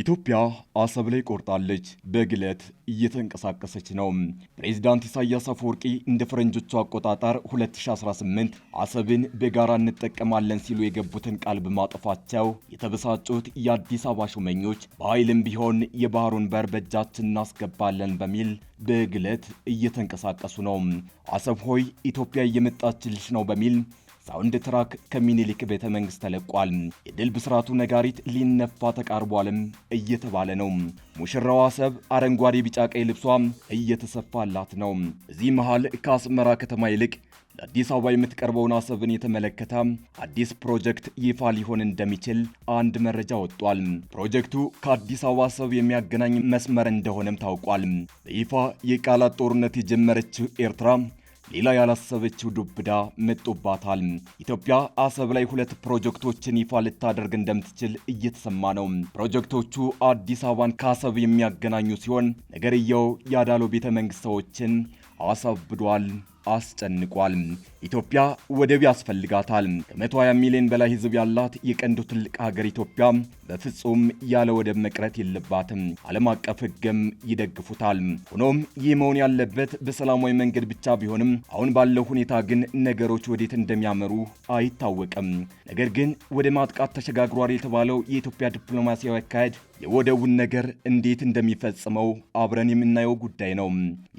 ኢትዮጵያ አሰብ ላይ ቆርጣለች። በግለት እየተንቀሳቀሰች ነው። ፕሬዚዳንት ኢሳያስ አፈወርቂ እንደ ፈረንጆቹ አቆጣጠር 2018 አሰብን በጋራ እንጠቀማለን ሲሉ የገቡትን ቃል በማጠፋቸው የተበሳጩት የአዲስ አበባ ሹመኞች በኃይልም ቢሆን የባህሩን በር በእጃችን እናስገባለን በሚል በግለት እየተንቀሳቀሱ ነው። አሰብ ሆይ ኢትዮጵያ እየመጣችልሽ ነው በሚል ሳውንድ ትራክ ከሚኒሊክ ቤተ መንግስት ተለቋል። የድል ብስራቱ ነጋሪት ሊነፋ ተቃርቧልም እየተባለ ነው። ሙሽራዋ ሰብ አረንጓዴ፣ ቢጫ፣ ቀይ ልብሷ እየተሰፋላት ነው። እዚህ መሃል ከአስመራ ከተማ ይልቅ ለአዲስ አበባ የምትቀርበውን አሰብን የተመለከተ አዲስ ፕሮጀክት ይፋ ሊሆን እንደሚችል አንድ መረጃ ወጥቷል። ፕሮጀክቱ ከአዲስ አበባ አሰብ የሚያገናኝ መስመር እንደሆነም ታውቋል። በይፋ የቃላት ጦርነት የጀመረችው ኤርትራ ሌላ ያላሰበችው ዱብዳ መጦባታል። ኢትዮጵያ አሰብ ላይ ሁለት ፕሮጀክቶችን ይፋ ልታደርግ እንደምትችል እየተሰማ ነው። ፕሮጀክቶቹ አዲስ አበባን ከአሰብ የሚያገናኙ ሲሆን ነገርየው ያዳሎ ቤተ መንግስት ሰዎችን አሳብዷል። አስጨንቋል። ኢትዮጵያ ወደብ ያስፈልጋታል። ከ120 ሚሊዮን በላይ ሕዝብ ያላት የቀንዱ ትልቅ ሀገር ኢትዮጵያ በፍጹም ያለ ወደብ መቅረት የለባትም። ዓለም አቀፍ ሕግም ይደግፉታል። ሆኖም ይህ መሆን ያለበት በሰላማዊ መንገድ ብቻ ቢሆንም አሁን ባለው ሁኔታ ግን ነገሮች ወዴት እንደሚያመሩ አይታወቅም። ነገር ግን ወደ ማጥቃት ተሸጋግሯል የተባለው የኢትዮጵያ ዲፕሎማሲያዊ አካሄድ የወደቡን ነገር እንዴት እንደሚፈጽመው አብረን የምናየው ጉዳይ ነው።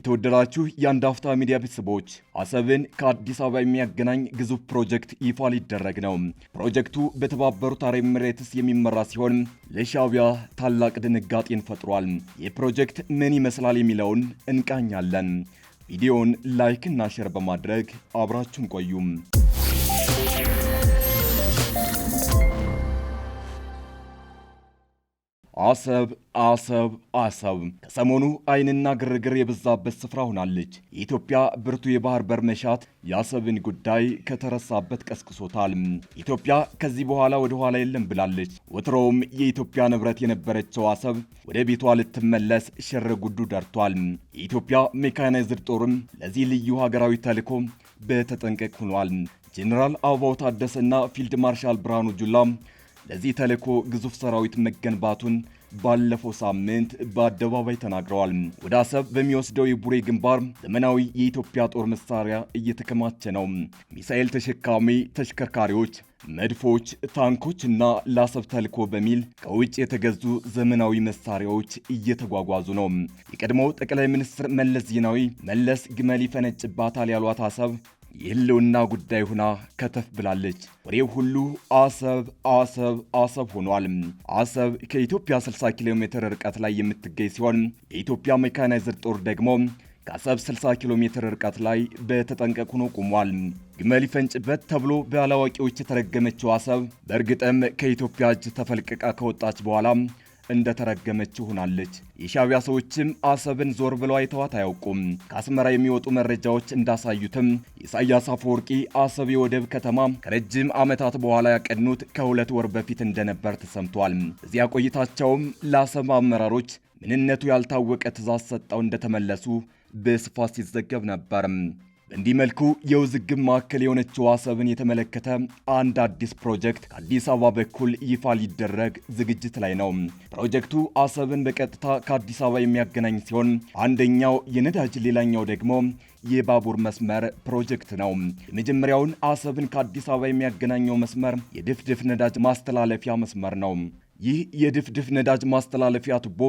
የተወደዳችሁ የአንድ አፍታ ሚዲያ ቤተሰቦች ትገኛለች። አሰብን ከአዲስ አበባ የሚያገናኝ ግዙፍ ፕሮጀክት ይፋ ሊደረግ ነው። ፕሮጀክቱ በተባበሩት አረብ ኤሚሬትስ የሚመራ ሲሆን ለሻቢያ ታላቅ ድንጋጤን ፈጥሯል። ይህ ፕሮጀክት ምን ይመስላል የሚለውን እንቃኛለን። ቪዲዮውን ላይክ እና ሼር በማድረግ አብራችሁን ቆዩም። አሰብ አሰብ አሰብ ከሰሞኑ አይንና ግርግር የበዛበት ስፍራ ሆናለች። የኢትዮጵያ ብርቱ የባህር በር መሻት የአሰብን ጉዳይ ከተረሳበት ቀስቅሶታል። ኢትዮጵያ ከዚህ በኋላ ወደ ኋላ የለም ብላለች። ወትሮውም የኢትዮጵያ ንብረት የነበረችው አሰብ ወደ ቤቷ ልትመለስ ሽር ጉዱ ደርቷል። የኢትዮጵያ ሜካናይዝድ ጦርም ለዚህ ልዩ ሀገራዊ ተልዕኮ በተጠንቀቅ ሆኗል። ጄኔራል አበባው ታደሰና ፊልድ ማርሻል ብርሃኑ ጁላ ለዚህ ተልዕኮ ግዙፍ ሰራዊት መገንባቱን ባለፈው ሳምንት በአደባባይ ተናግረዋል። ወደ አሰብ በሚወስደው የቡሬ ግንባር ዘመናዊ የኢትዮጵያ ጦር መሳሪያ እየተከማቸ ነው። ሚሳኤል ተሸካሚ ተሽከርካሪዎች፣ መድፎች፣ ታንኮች እና ለአሰብ ተልዕኮ በሚል ከውጭ የተገዙ ዘመናዊ መሳሪያዎች እየተጓጓዙ ነው። የቀድሞው ጠቅላይ ሚኒስትር መለስ ዜናዊ መለስ ግመል ይፈነጭባታል ያሏት አሰብ የህልውና ጉዳይ ሆና ከተፍ ብላለች። ወሬው ሁሉ አሰብ አሰብ አሰብ ሆኗል። አሰብ ከኢትዮጵያ 60 ኪሎ ሜትር ርቀት ላይ የምትገኝ ሲሆን የኢትዮጵያ ሜካናይዝድ ጦር ደግሞ ከአሰብ 60 ኪሎ ሜትር ርቀት ላይ በተጠንቀቅ ሆኖ ቆሟል። ግመል ይፈንጭበት ተብሎ በአላዋቂዎች የተረገመችው አሰብ በእርግጥም ከኢትዮጵያ እጅ ተፈልቅቃ ከወጣች በኋላ እንደተረገመች ሆናለች። የሻቢያ ሰዎችም አሰብን ዞር ብለው አይተዋት አያውቁም። ከአስመራ የሚወጡ መረጃዎች እንዳሳዩትም ኢሳያስ አፈወርቂ አሰብ የወደብ ከተማ ከረጅም ዓመታት በኋላ ያቀኑት ከሁለት ወር በፊት እንደነበር ተሰምቷል። እዚያ ቆይታቸውም ለአሰብ አመራሮች ምንነቱ ያልታወቀ ትዛዝ ሰጠው እንደተመለሱ በስፋት ሲዘገብ ነበር። በእንዲህ መልኩ የውዝግብ ማዕከል የሆነችው አሰብን የተመለከተ አንድ አዲስ ፕሮጀክት ከአዲስ አበባ በኩል ይፋ ሊደረግ ዝግጅት ላይ ነው። ፕሮጀክቱ አሰብን በቀጥታ ከአዲስ አበባ የሚያገናኝ ሲሆን አንደኛው የነዳጅ ሌላኛው ደግሞ የባቡር መስመር ፕሮጀክት ነው። የመጀመሪያውን አሰብን ከአዲስ አበባ የሚያገናኘው መስመር የድፍድፍ ነዳጅ ማስተላለፊያ መስመር ነው። ይህ የድፍድፍ ነዳጅ ማስተላለፊያ ቱቦ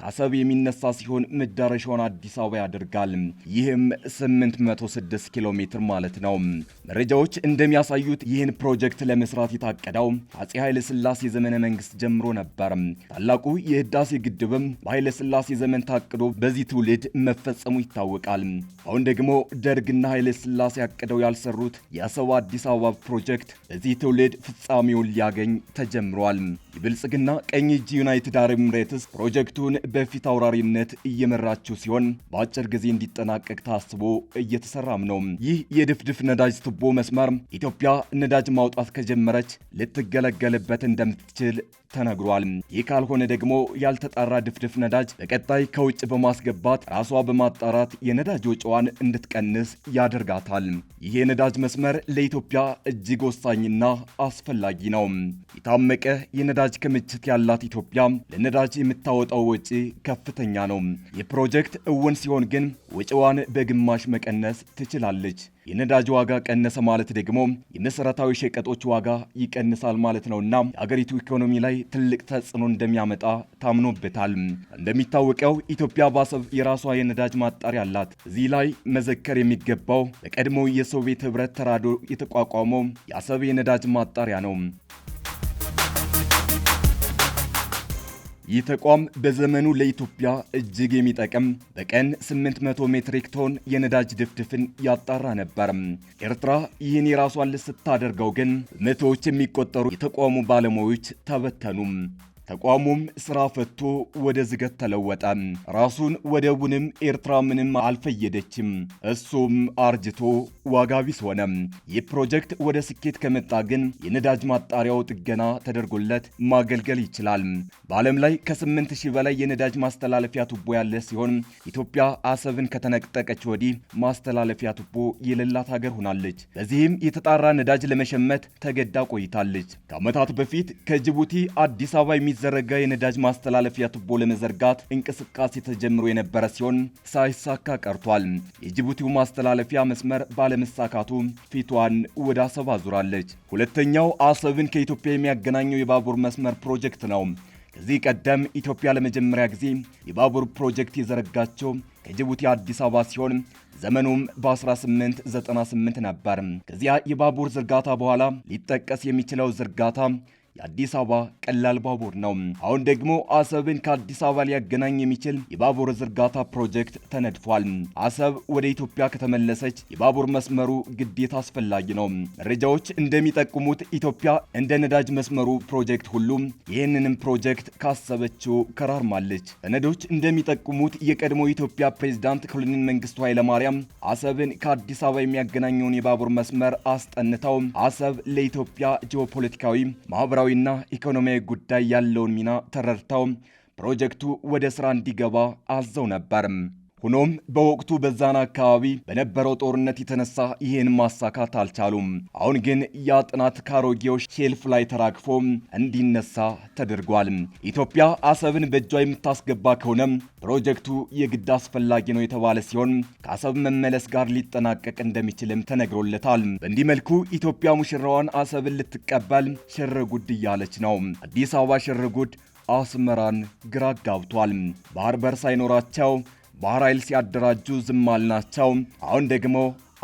ከአሰብ የሚነሳ ሲሆን መዳረሻውን አዲስ አበባ ያደርጋል። ይህም 806 ኪሎ ሜትር ማለት ነው። መረጃዎች እንደሚያሳዩት ይህን ፕሮጀክት ለመስራት የታቀደው አጼ ኃይለ ስላሴ ዘመነ መንግስት ጀምሮ ነበር። ታላቁ የህዳሴ ግድብም በኃይለ ስላሴ ዘመን ታቅዶ በዚህ ትውልድ መፈጸሙ ይታወቃል። አሁን ደግሞ ደርግና ኃይለ ስላሴ አቅደው ያልሰሩት የአሰብ አዲስ አበባ ፕሮጀክት በዚህ ትውልድ ፍጻሜውን ሊያገኝ ተጀምሯል። የብልጽግና ቀኝ እጅ ዩናይትድ አረብ ኤምሬትስ ፕሮጀክቱን በፊት አውራሪነት እየመራችው ሲሆን በአጭር ጊዜ እንዲጠናቀቅ ታስቦ እየተሰራም ነው። ይህ የድፍድፍ ነዳጅ ቱቦ መስመር ኢትዮጵያ ነዳጅ ማውጣት ከጀመረች ልትገለገልበት እንደምትችል ተነግሯል። ይህ ካልሆነ ደግሞ ያልተጣራ ድፍድፍ ነዳጅ በቀጣይ ከውጭ በማስገባት ራሷ በማጣራት የነዳጅ ወጪዋን እንድትቀንስ ያደርጋታል። ይህ የነዳጅ መስመር ለኢትዮጵያ እጅግ ወሳኝና አስፈላጊ ነው። የታመቀ የነዳጅ ክምችት ያላት ኢትዮጵያ ለነዳጅ የምታወጣው ወጪ ከፍተኛ ነው። የፕሮጀክት እውን ሲሆን ግን ወጪዋን በግማሽ መቀነስ ትችላለች። የነዳጅ ዋጋ ቀነሰ ማለት ደግሞ የመሰረታዊ ሸቀጦች ዋጋ ይቀንሳል ማለት ነውና የአገሪቱ ኢኮኖሚ ላይ ትልቅ ተጽዕኖ እንደሚያመጣ ታምኖበታል። እንደሚታወቀው ኢትዮጵያ በአሰብ የራሷ የነዳጅ ማጣሪያ አላት። እዚህ ላይ መዘከር የሚገባው በቀድሞ የሶቪየት ህብረት ተራዶ የተቋቋመው የአሰብ የነዳጅ ማጣሪያ ነው። ይህ ተቋም በዘመኑ ለኢትዮጵያ እጅግ የሚጠቅም በቀን 800 ሜትሪክ ቶን የነዳጅ ድፍድፍን ያጣራ ነበር። ኤርትራ ይህን የራሷን ልስታደርገው ግን በመቶዎች የሚቆጠሩ የተቋሙ ባለሙያዎች ተበተኑም። ተቋሙም ስራ ፈቶ ወደ ዝገት ተለወጠ። ራሱን ወደቡንም ኤርትራ ምንም አልፈየደችም። እሱም አርጅቶ ዋጋ ቢስ ሆነ። ይህ ፕሮጀክት ወደ ስኬት ከመጣ ግን የነዳጅ ማጣሪያው ጥገና ተደርጎለት ማገልገል ይችላል። በዓለም ላይ ከስምንት 8000 በላይ የነዳጅ ማስተላለፊያ ቱቦ ያለ ሲሆን ኢትዮጵያ አሰብን ከተነጠቀች ወዲህ ማስተላለፊያ ቱቦ የሌላት ሀገር ሆናለች። በዚህም የተጣራ ነዳጅ ለመሸመት ተገዳ ቆይታለች። ከዓመታት በፊት ከጅቡቲ አዲስ አበባ የሚ የሚዘረጋ የነዳጅ ማስተላለፊያ ቱቦ ለመዘርጋት እንቅስቃሴ ተጀምሮ የነበረ ሲሆን ሳይሳካ ቀርቷል። የጅቡቲው ማስተላለፊያ መስመር ባለመሳካቱ ፊቷን ወደ አሰብ አዙራለች። ሁለተኛው አሰብን ከኢትዮጵያ የሚያገናኘው የባቡር መስመር ፕሮጀክት ነው። ከዚህ ቀደም ኢትዮጵያ ለመጀመሪያ ጊዜ የባቡር ፕሮጀክት የዘረጋቸው ከጅቡቲ አዲስ አበባ ሲሆን ዘመኑም በ1898 ነበር። ከዚያ የባቡር ዝርጋታ በኋላ ሊጠቀስ የሚችለው ዝርጋታ የአዲስ አበባ ቀላል ባቡር ነው። አሁን ደግሞ አሰብን ከአዲስ አበባ ሊያገናኝ የሚችል የባቡር ዝርጋታ ፕሮጀክት ተነድፏል። አሰብ ወደ ኢትዮጵያ ከተመለሰች የባቡር መስመሩ ግዴታ አስፈላጊ ነው። መረጃዎች እንደሚጠቁሙት ኢትዮጵያ እንደ ነዳጅ መስመሩ ፕሮጀክት ሁሉ ይህንንም ፕሮጀክት ካሰበችው ከራርማለች። ሰነዶች እንደሚጠቁሙት የቀድሞ ኢትዮጵያ ፕሬዝዳንት ኮሎኔል መንግስቱ ኃይለማርያም አሰብን ከአዲስ አበባ የሚያገናኘውን የባቡር መስመር አስጠንተው አሰብ ለኢትዮጵያ ጂኦፖለቲካዊ ማህበራዊ ማህበራዊና ኢኮኖሚያዊ ጉዳይ ያለውን ሚና ተረድተው ፕሮጀክቱ ወደ ስራ እንዲገባ አዘው ነበር። ሆኖም በወቅቱ በዛን አካባቢ በነበረው ጦርነት የተነሳ ይህን ማሳካት አልቻሉም። አሁን ግን ያ ጥናት ካሮጌው ሼልፍ ላይ ተራግፎ እንዲነሳ ተደርጓል። ኢትዮጵያ አሰብን በእጇ የምታስገባ ከሆነ ፕሮጀክቱ የግድ አስፈላጊ ነው የተባለ ሲሆን ከአሰብ መመለስ ጋር ሊጠናቀቅ እንደሚችልም ተነግሮለታል። በእንዲህ መልኩ ኢትዮጵያ ሙሽራዋን አሰብን ልትቀበል ሽርጉድ እያለች ነው። አዲስ አበባ ሽርጉድ አስመራን ግራ ጋብቷል። ባህር በር ሳይኖራቸው ባህር ኃይል ሲያደራጁ ዝም አልናቸው። አሁን ደግሞ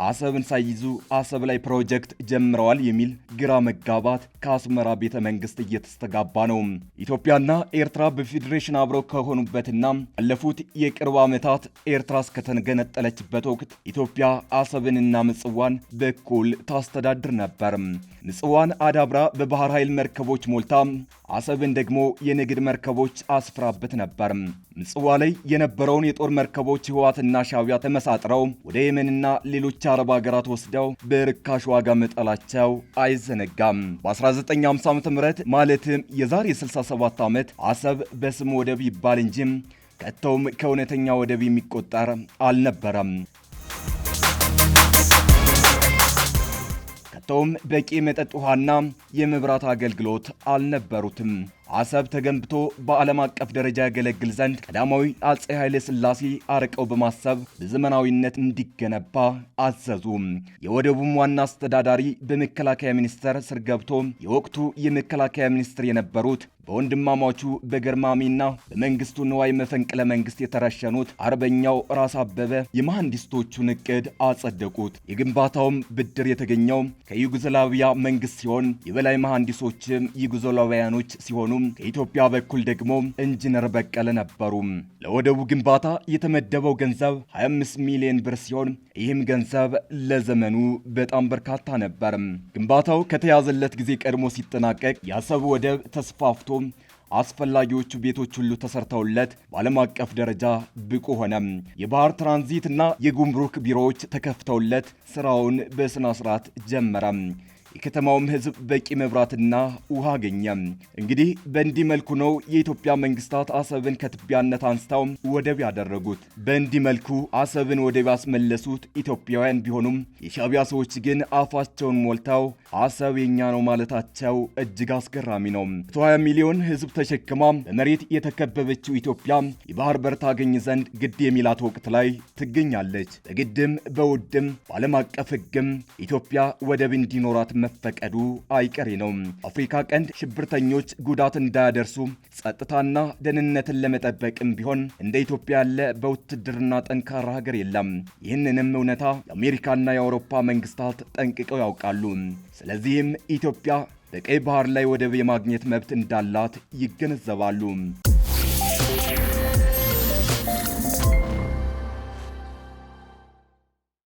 አሰብን ሳይይዙ አሰብ ላይ ፕሮጀክት ጀምረዋል የሚል ግራ መጋባት ከአስመራ ቤተ መንግስት እየተስተጋባ ነው። ኢትዮጵያና ኤርትራ በፌዴሬሽን አብረው ከሆኑበትና ያለፉት የቅርብ ዓመታት ኤርትራ እስከተገነጠለችበት ወቅት ኢትዮጵያ አሰብንና ምጽዋን በኩል ታስተዳድር ነበር። ምጽዋን አዳብራ በባህር ኃይል መርከቦች ሞልታ አሰብን ደግሞ የንግድ መርከቦች አስፍራበት ነበር። ምጽዋ ላይ የነበረውን የጦር መርከቦች ህዋትና ሻቢያ ተመሳጥረው ወደ የመንና ሌሎች አረብ ሀገራት ወስደው በርካሽ ዋጋ መጠላቸው አይዘነጋም። በ1950 ዓ ም ማለትም የዛሬ 67 ዓመት አሰብ በስም ወደብ ይባል እንጂም ከተውም ከእውነተኛ ወደብ የሚቆጠር አልነበረም። ከተውም በቂ መጠጥ ውሃና የመብራት አገልግሎት አልነበሩትም። አሰብ ተገንብቶ በዓለም አቀፍ ደረጃ ያገለግል ዘንድ ቀዳማዊ አጼ ኃይለ ሥላሴ አርቀው በማሰብ በዘመናዊነት እንዲገነባ አዘዙ። የወደቡም ዋና አስተዳዳሪ በመከላከያ ሚኒስቴር ስር ገብቶ የወቅቱ የመከላከያ ሚኒስትር የነበሩት በወንድማማቹ በገርማሚና በመንግስቱ ንዋይ መፈንቅለ መንግስት የተረሸኑት አርበኛው ራስ አበበ የመሐንዲስቶቹን እቅድ አጸደቁት። የግንባታውም ብድር የተገኘው ከዩጎዝላቪያ መንግስት ሲሆን የበላይ መሐንዲሶችም ዩጎዝላቪያኖች ሲሆኑ ሲሆኑ ከኢትዮጵያ በኩል ደግሞ ኢንጂነር በቀለ ነበሩ። ለወደቡ ግንባታ የተመደበው ገንዘብ 25 ሚሊዮን ብር ሲሆን ይህም ገንዘብ ለዘመኑ በጣም በርካታ ነበር። ግንባታው ከተያዘለት ጊዜ ቀድሞ ሲጠናቀቅ የአሰብ ወደብ ተስፋፍቶ አስፈላጊዎቹ ቤቶች ሁሉ ተሰርተውለት በዓለም አቀፍ ደረጃ ብቁ ሆነ። የባህር ትራንዚት እና የጉምሩክ ቢሮዎች ተከፍተውለት ስራውን በስነ ስርዓት ጀመረ። የከተማውም ህዝብ በቂ መብራትና ውሃ አገኘም። እንግዲህ በእንዲህ መልኩ ነው የኢትዮጵያ መንግስታት አሰብን ከትቢያነት አንስተው ወደብ ያደረጉት። በእንዲህ መልኩ አሰብን ወደብ ያስመለሱት ኢትዮጵያውያን ቢሆኑም የሻቢያ ሰዎች ግን አፋቸውን ሞልተው አሰብ የኛ ነው ማለታቸው እጅግ አስገራሚ ነው። 20 ሚሊዮን ህዝብ ተሸክማ በመሬት የተከበበችው ኢትዮጵያ የባህር በር ታገኝ ዘንድ ግድ የሚላት ወቅት ላይ ትገኛለች። በግድም በውድም በዓለም አቀፍ ህግም ኢትዮጵያ ወደብ እንዲኖራት መፈቀዱ አይቀሬ ነው። አፍሪካ ቀንድ ሽብርተኞች ጉዳት እንዳያደርሱ ጸጥታና ደህንነትን ለመጠበቅም ቢሆን እንደ ኢትዮጵያ ያለ በውትድርና ጠንካራ ሀገር የለም። ይህንንም እውነታ የአሜሪካና የአውሮፓ መንግስታት ጠንቅቀው ያውቃሉ። ስለዚህም ኢትዮጵያ በቀይ ባህር ላይ ወደብ የማግኘት መብት እንዳላት ይገነዘባሉ።